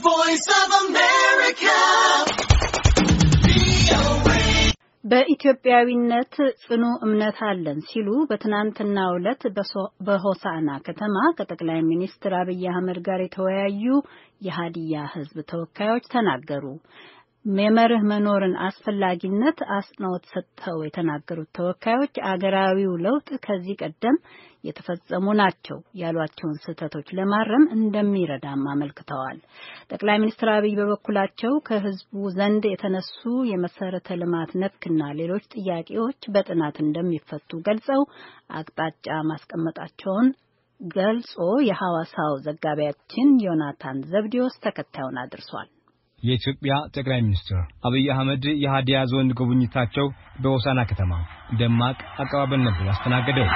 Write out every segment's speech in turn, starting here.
Voice of America. በኢትዮጵያዊነት ጽኑ እምነት አለን ሲሉ በትናንትና ዕለት በሆሳና ከተማ ከጠቅላይ ሚኒስትር አብይ አህመድ ጋር የተወያዩ የሀዲያ ሕዝብ ተወካዮች ተናገሩ። የመርህ መኖርን አስፈላጊነት አጽንኦት ሰጥተው የተናገሩት ተወካዮች አገራዊው ለውጥ ከዚህ ቀደም የተፈጸሙ ናቸው ያሏቸውን ስህተቶች ለማረም እንደሚረዳም አመልክተዋል። ጠቅላይ ሚኒስትር አብይ በበኩላቸው ከህዝቡ ዘንድ የተነሱ የመሰረተ ልማት ነክና ሌሎች ጥያቄዎች በጥናት እንደሚፈቱ ገልጸው አቅጣጫ ማስቀመጣቸውን ገልጾ የሐዋሳው ዘጋቢያችን ዮናታን ዘብዲዮስ ተከታዩን አድርሷል። የኢትዮጵያ ጠቅላይ ሚኒስትር አብይ አህመድ የሃዲያ ዞን ጉብኝታቸው በሆሳና ከተማ ደማቅ አቀባበል ነበር ያስተናገደው።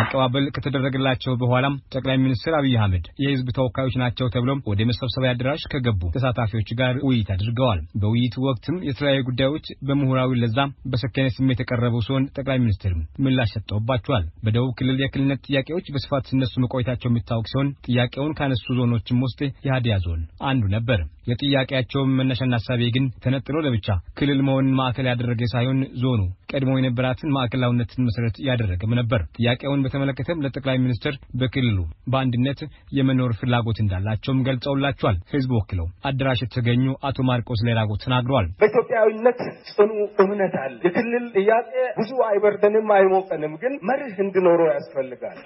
አቀባበል ከተደረገላቸው በኋላም ጠቅላይ ሚኒስትር አብይ አህመድ የህዝብ ተወካዮች ናቸው ተብሎም ወደ መሰብሰቢያ አዳራሽ ከገቡ ተሳታፊዎች ጋር ውይይት አድርገዋል። በውይይቱ ወቅትም የተለያዩ ጉዳዮች በምሁራዊ ለዛ በሰከነ ስሜት የቀረቡ ሲሆን ጠቅላይ ሚኒስትር ምላሽ ሰጥተውባቸዋል። በደቡብ ክልል የክልልነት ጥያቄዎች በስፋት ሲነሱ መቆየታቸው የሚታወቅ ሲሆን ጥያቄውን ካነሱ ዞኖችም ውስጥ የሃዲያ ዞን አንዱ ነበር። የጥያቄያቸውም መነሻና ሀሳቤ ግን ተነጥሎ ለብቻ ክልል መሆንን ማዕከል ያደረገ ሳይሆን ዞኑ ቀድሞ የነበራትን ማዕከላዊነትን መሰረት ያደረገም ነበር። ጥያቄውን በተመለከተም ለጠቅላይ ሚኒስትር በክልሉ በአንድነት የመኖር ፍላጎት እንዳላቸውም ገልጸውላቸዋል። ህዝብ ወክለው አዳራሽ የተገኙ አቶ ማርቆስ ሌራጎ ተናግረዋል። በኢትዮጵያዊነት ጽኑ እምነት አለ። የክልል ጥያቄ ብዙ አይበርደንም፣ አይሞቀንም፣ ግን መርህ እንዲኖረው ያስፈልጋል።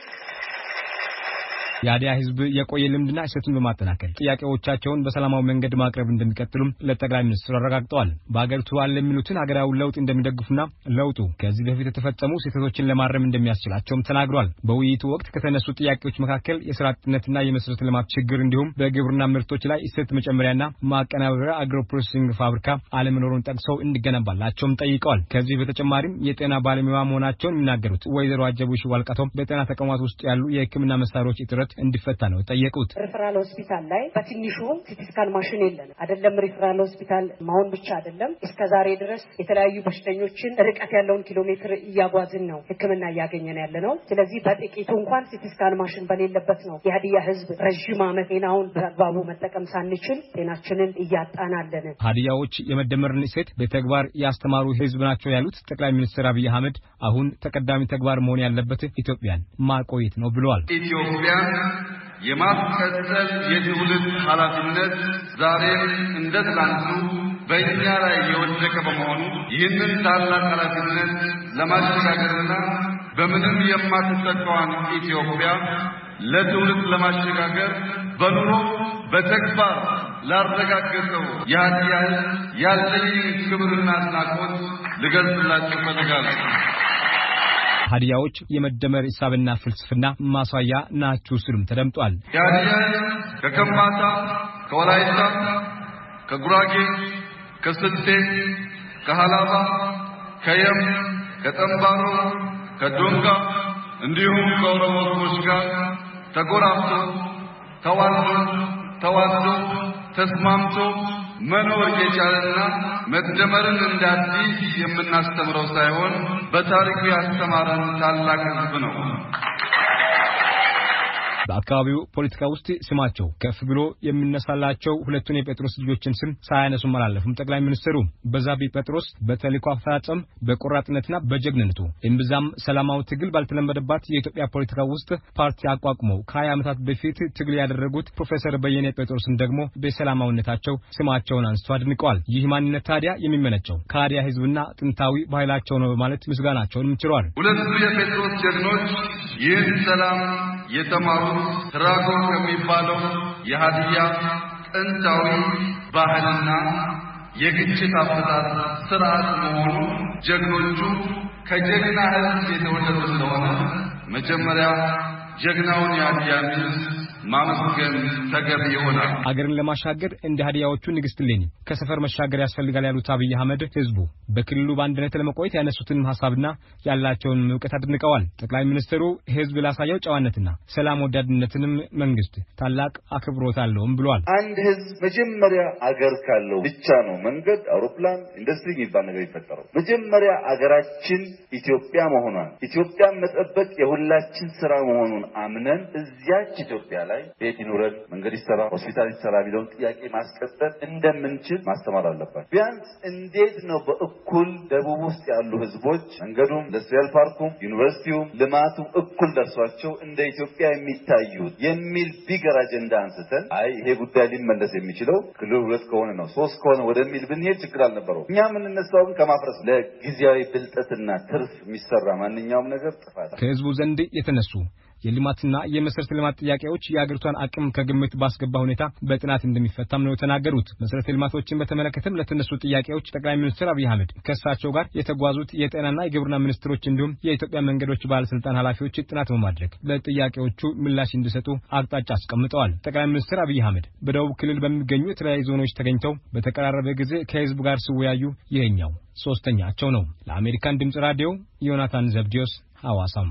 የአዲያ ህዝብ የቆየ ልምድና እሴቱን በማጠናከል ጥያቄዎቻቸውን በሰላማዊ መንገድ ማቅረብ እንደሚቀጥሉም ለጠቅላይ ሚኒስትሩ አረጋግጠዋል። በአገሪቱ አለ የሚሉትን ሀገራዊ ለውጥ እንደሚደግፉና ለውጡ ከዚህ በፊት የተፈጸሙ ስህተቶችን ለማረም እንደሚያስችላቸውም ተናግሯል። በውይይቱ ወቅት ከተነሱ ጥያቄዎች መካከል የስራ አጥነትና የመሰረተ ልማት ችግር እንዲሁም በግብርና ምርቶች ላይ እሴት መጨመሪያና ማቀናበሪያ አግሮ ፕሮሴሲንግ ፋብሪካ አለመኖሩን ጠቅሰው እንዲገነባላቸውም ጠይቀዋል። ከዚህ በተጨማሪም የጤና ባለሙያ መሆናቸውን የሚናገሩት ወይዘሮ አጀቡ ዋልቃቶም በጤና ተቋማት ውስጥ ያሉ የህክምና መሳሪያዎች እጥረት በትኩረት እንዲፈታ ነው ጠየቁት። ሪፈራል ሆስፒታል ላይ በትንሹ ሲቲስካን ማሽን የለን አይደለም ሪፈራል ሆስፒታል መሆን ብቻ አይደለም። እስከ ዛሬ ድረስ የተለያዩ በሽተኞችን ርቀት ያለውን ኪሎ ሜትር እያጓዝን ነው ሕክምና እያገኘን ያለ ነው። ስለዚህ በጥቂቱ እንኳን ሲቲስካን ማሽን በሌለበት ነው የሀዲያ ህዝብ ረዥም ዓመት ጤናውን በአግባቡ መጠቀም ሳንችል ጤናችንን እያጣናለን። ሀዲያዎች የመደመርን እሴት በተግባር ያስተማሩ ህዝብ ናቸው ያሉት ጠቅላይ ሚኒስትር አብይ አህመድ አሁን ተቀዳሚ ተግባር መሆን ያለበት ኢትዮጵያን ማቆየት ነው ብለዋል። ኢትዮጵያ የማስቀጠል የትውልድ ኃላፊነት ዛሬም እንደ ትላንቱ በእኛ ላይ የወደቀ በመሆኑ ይህንን ታላቅ ኃላፊነት ለማሸጋገርና በምንም የማትተካዋን ኢትዮጵያ ለትውልድ ለማሸጋገር በኑሮ በተግባር ላረጋገጠው የሀዲያ ያለኝን ክብርና አድናቆት ልገልጽላችሁ እፈልጋለሁ። ሀዲያዎች የመደመር ሂሳብና ፍልስፍና ማሳያ ናችሁ ሲሉም ተደምጧል። የሀዲያት ከከምባታ፣ ከወላይታ፣ ከጉራጌ፣ ከስልጤ፣ ከሀላባ፣ ከየም፣ ከጠምባሮ፣ ከዶንጋ እንዲሁም ከኦሮሞ ህዝቦች ጋር ተጎራብቶ ተዋልዶ ተዋልዶ ተስማምቶ መኖር የቻለና መደመርን እንደ አዲስ የምናስተምረው ሳይሆን በታሪኩ ያስተማረን ታላቅ ህዝብ ነው። በአካባቢው ፖለቲካ ውስጥ ስማቸው ከፍ ብሎ የሚነሳላቸው ሁለቱን የጴጥሮስ ልጆችን ስም ሳያነሱ አላለፉም። ጠቅላይ ሚኒስትሩ በዛቢ ጴጥሮስ በተልዕኮ አፈጻጸም በቆራጥነትና በጀግንነቱ እምብዛም ሰላማዊ ትግል ባልተለመደባት የኢትዮጵያ ፖለቲካ ውስጥ ፓርቲ አቋቁመው ከሀያ ዓመታት በፊት ትግል ያደረጉት ፕሮፌሰር በየነ ጴጥሮስን ደግሞ በሰላማዊነታቸው ስማቸውን አንስቶ አድንቀዋል። ይህ ማንነት ታዲያ የሚመነጨው ከሀዲያ ህዝብና ጥንታዊ ባህላቸው ነው በማለት ምስጋናቸውን ችሯል። ሁለቱ የጴጥሮስ ጀግኖች ይህን ሰላም የተማሩት ትራኮ ከሚባለው የሀዲያ ጥንታዊ ባህልና የግጭት አፈታት ስርዓት መሆኑ ጀግኖቹ ከጀግና ህዝብ የተወለዱ ስለሆነ መጀመሪያ ጀግናውን የሀዲያን ህዝብ ማመስገን ተገቢ ይሆናል። አገርን ለማሻገር እንደ ሀዲያዎቹ ንግስት ሌኒ ከሰፈር መሻገር ያስፈልጋል ያሉት አብይ አህመድ ህዝቡ በክልሉ በአንድነት ለመቆየት ያነሱትን ሀሳብና ያላቸውን እውቀት አድንቀዋል። ጠቅላይ ሚኒስትሩ ህዝብ ላሳየው ጨዋነትና ሰላም ወዳድነትንም መንግስት ታላቅ አክብሮት አለውም ብሏል። አንድ ህዝብ መጀመሪያ አገር ካለው ብቻ ነው መንገድ፣ አውሮፕላን፣ ኢንዱስትሪ የሚባል ነገር ይፈጠረው። መጀመሪያ አገራችን ኢትዮጵያ መሆኗን ኢትዮጵያን መጠበቅ የሁላችን ስራ መሆኑን አምነን እዚያች ኢትዮጵያ ላይ ላይ ቤት ይኑረን፣ መንገድ ይሰራ፣ ሆስፒታል ይሰራ የሚለውን ጥያቄ ማስቀጠል እንደምንችል ማስተማር አለባቸው። ቢያንስ እንዴት ነው በእኩል ደቡብ ውስጥ ያሉ ህዝቦች መንገዱም፣ ኢንዱስትሪያል ፓርኩም፣ ዩኒቨርሲቲውም፣ ልማቱም እኩል ደርሷቸው እንደ ኢትዮጵያ የሚታዩት የሚል ቢገር አጀንዳ አንስተን አይ ይሄ ጉዳይ ሊመለስ የሚችለው ክልል ሁለት ከሆነ ነው ሶስት ከሆነ ወደሚል ብንሄድ ችግር አልነበረው። እኛ የምንነሳው ግን ከማፍረስ ለጊዜያዊ ብልጠትና ትርፍ የሚሰራ ማንኛውም ነገር ጥፋት ከህዝቡ ዘንድ የተነሱ የልማትና የመሰረተ ልማት ጥያቄዎች የአገሪቷን አቅም ከግምት ባስገባ ሁኔታ በጥናት እንደሚፈታም ነው የተናገሩት። መሰረተ ልማቶችን በተመለከተም ለተነሱ ጥያቄዎች ጠቅላይ ሚኒስትር አብይ አህመድ ከእሳቸው ጋር የተጓዙት የጤናና የግብርና ሚኒስትሮች እንዲሁም የኢትዮጵያ መንገዶች ባለስልጣን ኃላፊዎች ጥናት በማድረግ ለጥያቄዎቹ ምላሽ እንዲሰጡ አቅጣጫ አስቀምጠዋል። ጠቅላይ ሚኒስትር አብይ አህመድ በደቡብ ክልል በሚገኙ የተለያዩ ዞኖች ተገኝተው በተቀራረበ ጊዜ ከህዝብ ጋር ሲወያዩ ይሄኛው ሶስተኛቸው ነው። ለአሜሪካን ድምፅ ራዲዮ ዮናታን ዘብዲዮስ ሐዋሳም